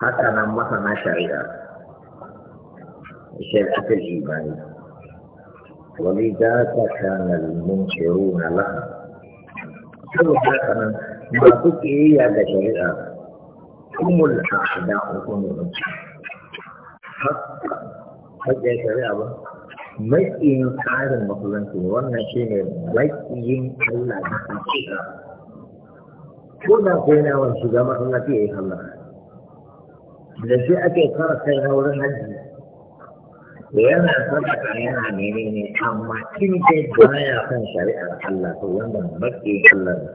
haka nan masa na shari'a sai aka ji bani wani da ta kana limon ciro na lafa sau ta haka nan ba su ke yi ya da shari'a kuma da ta shi da hukun wani ci haka shari'a ba maƙiyin tsarin mafulanci wannan shi ne maƙiyin allah da ta ce ko da kai na wani shiga mafulanci ya yi hallaka da shi ake fara kai na wurin hajji yana sadaka yana ne amma in dai baya kan shari'ar Allah to wanda baki Allah ne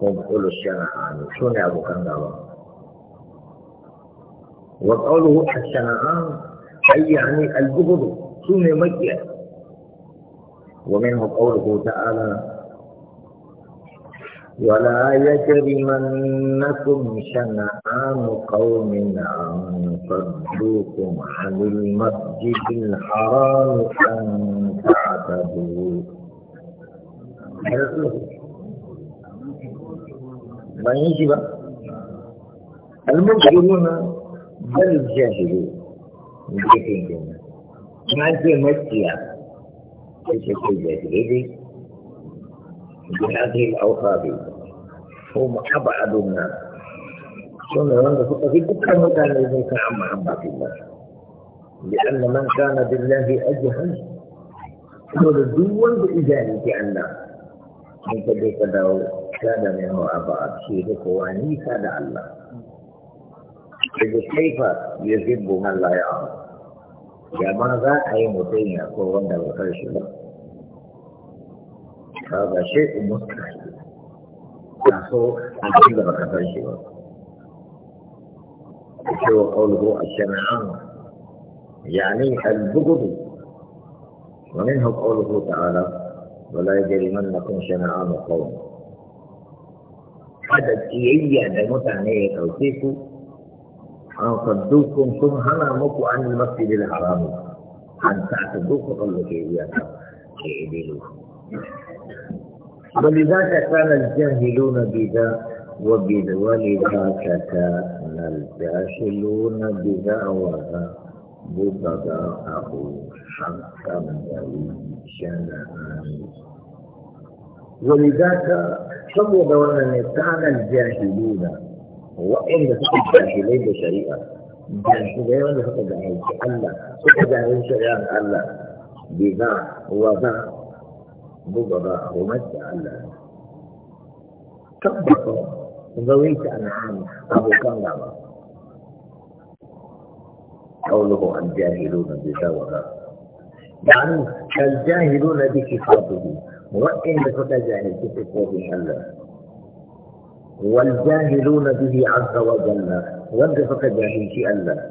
ko kullu shara'a ne so ne abokan gaba wa qawluhu ash-shara'a ay yani al-bughd sune makiya wa minhu qawluhu ta'ala ولا يجرمنكم شنآن قوم أن صدوكم عن المسجد الحرام أن تعتدوا من يجب المجرمون بل جاهلون بيتين جنة ما أنت مجيئة كيف تجاهلين بهذه الأوصاف هم أبعد الناس سنة من في كل مكان كان عن محبة الله لأن من كان بالله أجهل هو الدول عن الله من كذلك دعو كان منه أبعد في إخواني كان الله إذا كيف يجب من لا يعرف لماذا أي متين يقولون عند الخير هذا شيء مستحيل نحو عن تبلغ كفر شو قوله الشمعان يعني البغض ومنه قوله تعالى ولا يجرمنكم شمعان قوم هذا تيئية متعني توفيكم أن صدوكم ثم مكو عن المسجد الحرام أن تعتدوكم قلوا تيئية تيئيلوه ولذاك كان الجاهلون بذا ولذاك كان الجاهلون بذا وذا بضباءه حقا شنآن ولذاك سبب أن كان الجاهلون وإن الجاهلين بشريعة الجاهلين فقد جاهلت الله فقد الله بذا وذا أو مجد الله تبقى ذويت أنعام أبو كان لعبا قوله الجاهلون بزورة يعني الجاهلون بكتابه وإن كنت جاهل بكتابه الله والجاهلون به عز وجل وإن كنت جاهل في الله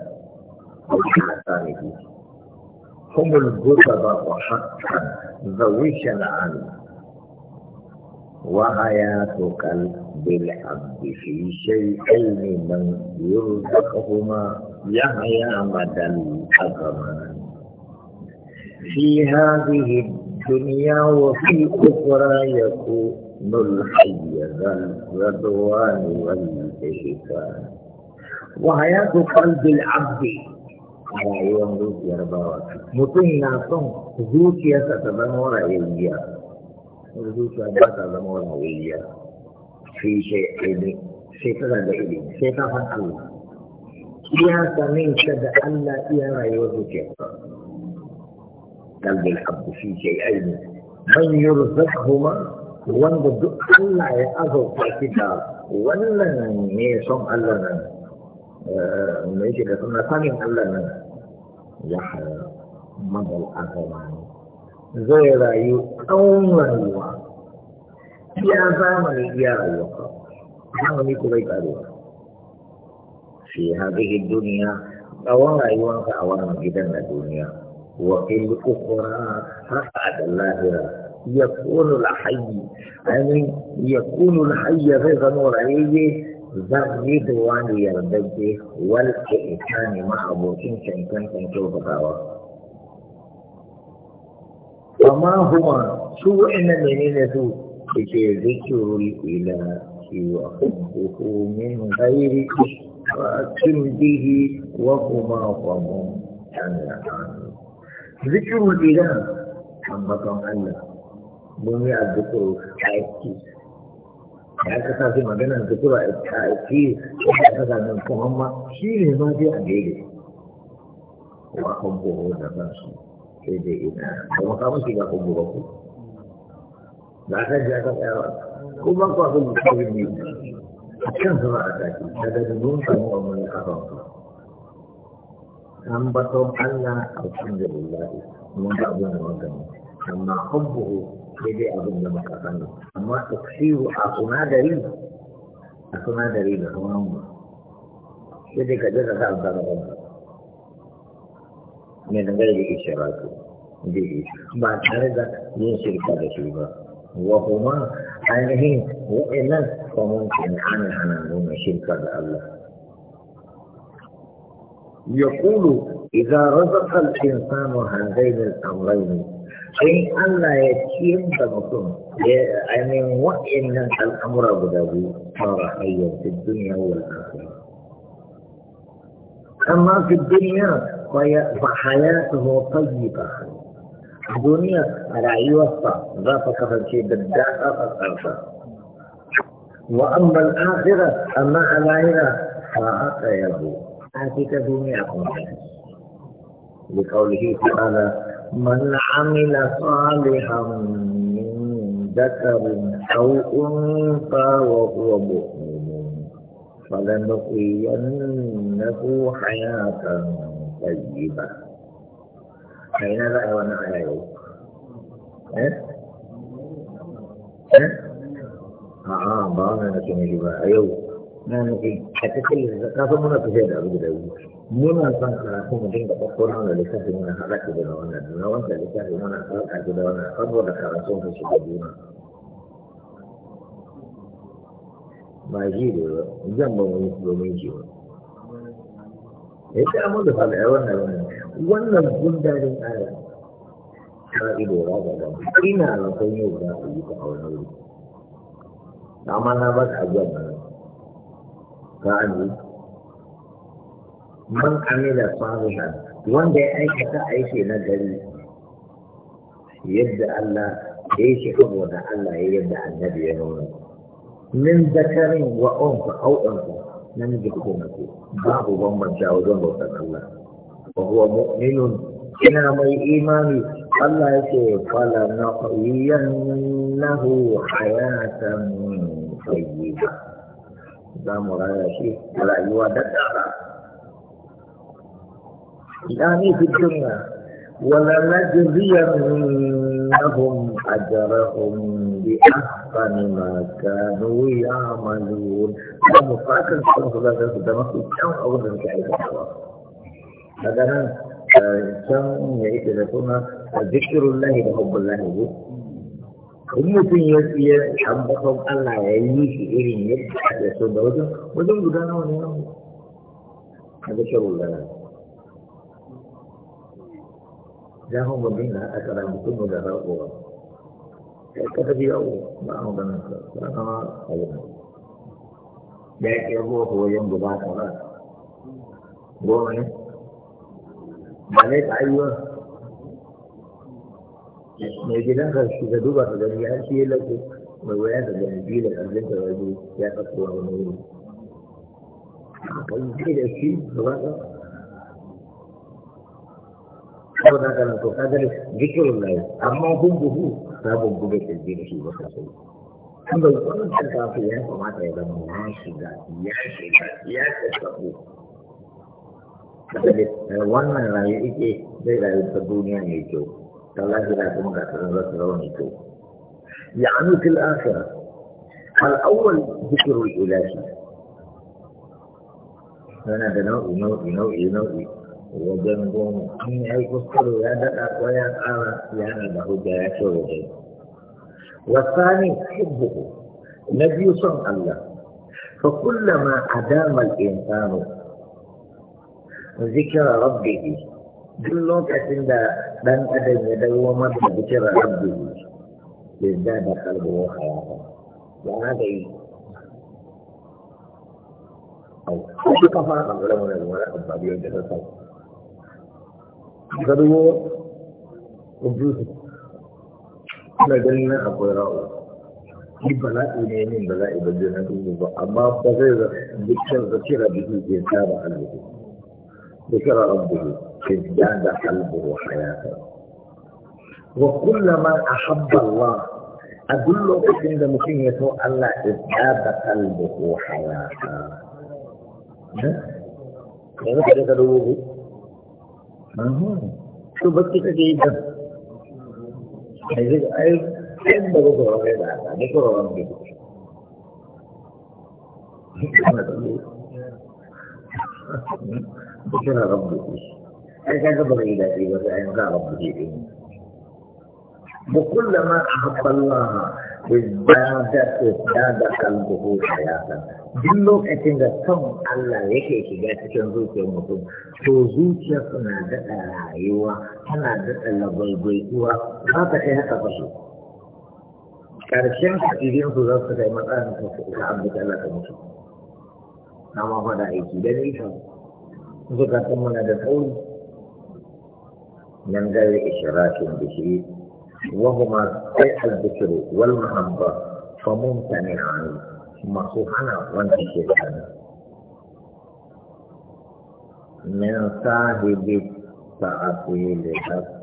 وحسانه هم الجثب حقا ذوي شرعا وحياتك بالحب في شيئين من يرزقهما يحيا مدى الأزمان في هذه الدنيا وفي أخرى يكون الحي ذا الرضوان والإحسان وحياة قلب العبد a rayuwar zuciyar bawa mutum na son zuciyarsa ta zama rayuwar zuciya ba ta zama rayuwar fi shai'ini sai ta da ilimi sai ta san iya sanin ka da Allah iya rayuwar zuciyar zuciyarsa kalbin abu fi yi man kuma wanda duk Allah ya azauta shi da wannan ne son Allah nan eh, mai shiga suna sanin Allah nan يحيى مدى الأزمان زي رأيو أو رأيوه iya zamani iya rayuwa zamani ku bai karuwa fi hadhihi dunya tsawon rayuwanka a wannan gidan na duniya wa fil ukhra haka da lahira yakunu al hayy yani yakunu al hayy zai zama rayuwa zargi da wani walke ita ne ma abokin cancantan kyautatawa amma kuma su wa'annan menene su ke zikirul ila wa kuku min a cin bihi wa huma qamun tanra'an zikirul ila ambaton Allah mun yi azzikuru aiki ya kasa shi magana da kura a ci ya kasa sa nan kuma ma shi ne ma sai a daidai wa kan buhu da su sai dai ina kuma ka mashi ba kuma ba ku ba ka ji aka tsaya ba kuma ka kun kuma ne a kan zama a taki daga da mun samu wa mun kafan ku an baton Allah alhamdulillah mun ga abin da mun gani amma kan daidai abin da baka sani amma taksiru a sunadari a sunadari da sunan mu sai dai ka je ka sa amsa da kanka mai dangane da ishiratu daidai ba tare da yin shirka da shi ba وهما ainihin wa'annan kwamfanci ana ana nuna shirka da Allah. يقول إذا رزق الإنسان هذين الأمرين in Allah ya ciyar da mutum ya ainihin wa'annan al'amura guda biyu fara hayyar fi duniya wa al'akari. Amma fi duniya fa hayatuhu tayyiba. A duniya a rayuwarsa za ta kasance da daɗa a ƙarfa. Wa amma al'akira amma a lahira fa haka yabo. An fi ta duniya kuma. Bi kaulihi ta'ala من عمل صالحا من ذكر أو أنثى وهو مؤمن فلنحيينه حياة طيبة أين رأي وأنا ها ها ها ها ها ها ها ها أيوه ها ها ها ها ها ها ها ها أيوه muna son karatu mu dinga ɗauko na wannan littafi muna haɗa ki da wannan da na wannan littafi muna haɗa ki da wannan saboda karatun ka shiga juna ba ji da ba zan ba mu yi domin ji ba ya ta mu da fara ya wannan wannan wannan gundarin aya ta ido ra da ba ina na yi wa za ku yi ta aure wuri amma na ba ka ajiyar ka an man amila salihan wanda ya aikata a aiki na gari yadda Allah ya yi shekaru da Allah ya yadda annabi ya nuna min zakarin wa unfa au na miji ko mace babu bambanta wajen bautar Allah wa huwa mu'minun ina mai imani Allah ya ce fala na qayyannahu hayatan tayyiba za mu raya shi rayuwa da tsara يعني في الدنيا ولنجزينهم أجرهم بأحسن ما كانوا يعملون المفاكر كان هذا ده مصر نعم، كان أول من كعيد الحوار هذا أنا كان يعيش ذكر الله وحب الله به in mutum ya tsiye ambaton Allah ya yi shi irin yadda ya so da wajen wajen gudanar wani yawon a lalata لهم ومنها أكل أن يكون لها غرام فأكد في أول ما أرد أن أكل فأنا لكن الله هو يوم دباع صلاة بوانه بلد أيوة نجد أنك إذا دوبا فدني هل شيء لك مويانا جاني جيلة أجلنك ويجي يا قطوة ونوري فأنا جيلة شيء فأنا saboda haka nan to ka gani zikirin layi amma gunguhu ta gungume kirji da shi ba ka so an bai wannan kafi ya kamata ya zama ya shiga ya shiga ya tattabu kasance wannan rayu ike zai rayu ta duniya mai kyau ta lahira kuma ga tsarin zasu zama mai kyau ya anu fil akhira al'awwal zikirul ilahi yana da nau'i nau'i nau'i nau'i wajen goma in ya yi kuskure ya daɗa ko ya tsara yana da hujja ya ce wajen wasani hibbuhu na biyu son Allah fa kullama adama al-insanu zikra rabbihi duk lokacin da dan adam ya dawo mata da zikra rabbihi yadda da kalbu hayata ya ga yi أو شو كفاءة ولا ولا ولا أبدا بيوجد الخلق gado computer ina ganin nan akwai ra'u ni bala'i ne min bala'i ba zai na dubu ba amma ba zai da dukkan zakira da zai ke saba albuku zakira rabbuhu ke dada albuhu hayata wa kullama ahabba Allah a duk lokacin da mutum ya so Allah ya dada albuhu hayata yanzu ka je ka dubu su bacci kake yi kan ai zai ai ɗan da kai da haka ne kuka wa kai kuka na rabu da shi ai kan ka bari da shi ba sai an rabu da shi وكل ما أعطى الله وزاد وزاد قلبه حياة duk lokacin da son Allah yake shiga cikin zuciyar mutum, to zuciyar suna daɗa rayuwa, tana daɗa labarbaikuwa, ba ta kai haka ba Ƙarshen ka'idin za su kai matsayin ka su ka Allah ka mutu. Na ma fada aiki da nisa, zuka sun muna da sauri. Nan gare ishirashin bishiri, وهما سيح الذكر والمهمبة فممتنعان masu hana wanda ke kan min sahibi ta akwai da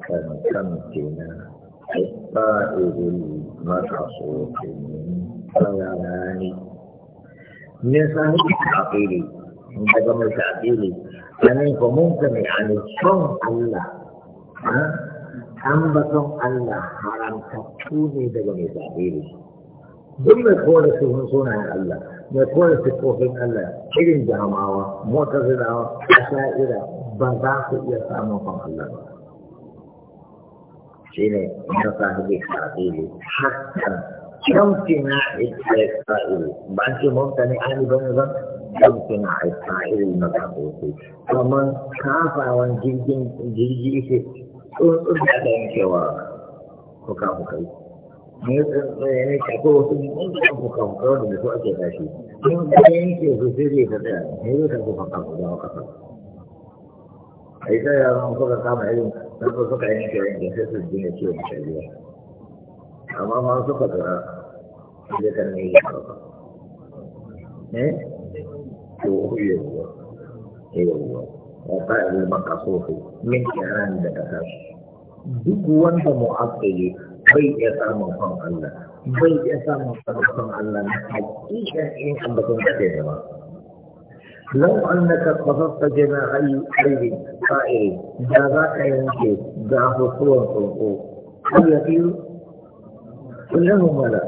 kan kan kina ta ta'iru masa sokin tsawarani min sahibi ta akwai da kan kan kina ta ne kwa mun kan yi a nufin kula ambaton Allah haramtattu ne daga mai zaɓe ne duk mai kore suna ya Allah mai kore sifofin Allah irin jamawa motar zinawa asha'ira ba za su iya samun kan Allah ba shi ne na sahibi sa'ili hakan kyamfina isra'ili ba an ce mamta ne an ba ne ba kyamfina isra'ili na zaɓe kamar kafawan jirgin jirgi tsuntsun da aka yanke wa fuka-fukai ne tsuntsaye ne ka wasu tsuntsun fuka-fukai wanda da su ake tashi in ka yanke su sai zai ta tsaya ne zai tafi fuka-fukai wa kasa a yi ta yaran suka kama irin sarfa suka yanke yanke sai su jina ciwon shari'a amma ma suka tsara sai ka ne yi ne eh? to yawwa yawwa ƙasar makasofi min kiran da ƙasa duk wanda mu'aqqili bai iya samun Allah bai iya samun san Allah na hakika in an ba san kace ba law annaka qadatta jama'i ayyi sa'iri da za ka yanke da hukumar ko ko ya yi kullu mala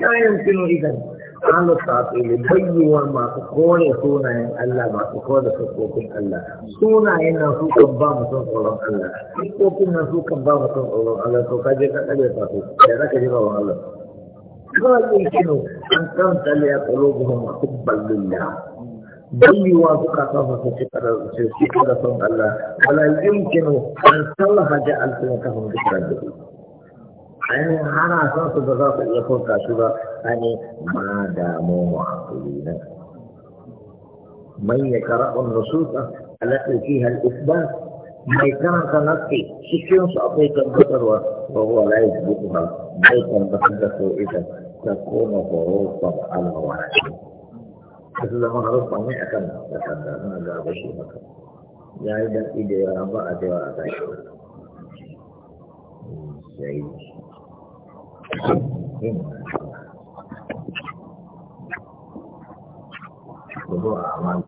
la yumkinu idan أهل التعطيل بيوا ما تقول سونا إن الله ما تقول سكوكين الله سونا إن سوك بام سوك الله الله سكوكين سوك بام سوك الله الله سوك جيكا كجي تاتي جيكا كجي الله الله لا يمكن أن تمتلئ قلوبهم حبا لله بيوا سوك صفا سوك الله ولا يمكن أن تصلح جاء ألسنتهم ذكر الدين an hana son su ba za su iya furta shi ba ani ma damu mu'aqilina man yakra'u an-nususa allati fiha al-ithbat mai karanta nasi cikin su akwai tabbatarwa wa huwa la yuthbituha bai tabbatar da su ita ta koma horofa al-mawaqi kasu zama horofa ne akan da kan da na ga bashi maka ya yi daɗi da yawa ba a jawa a gashi ya yi Gracias. Hmm.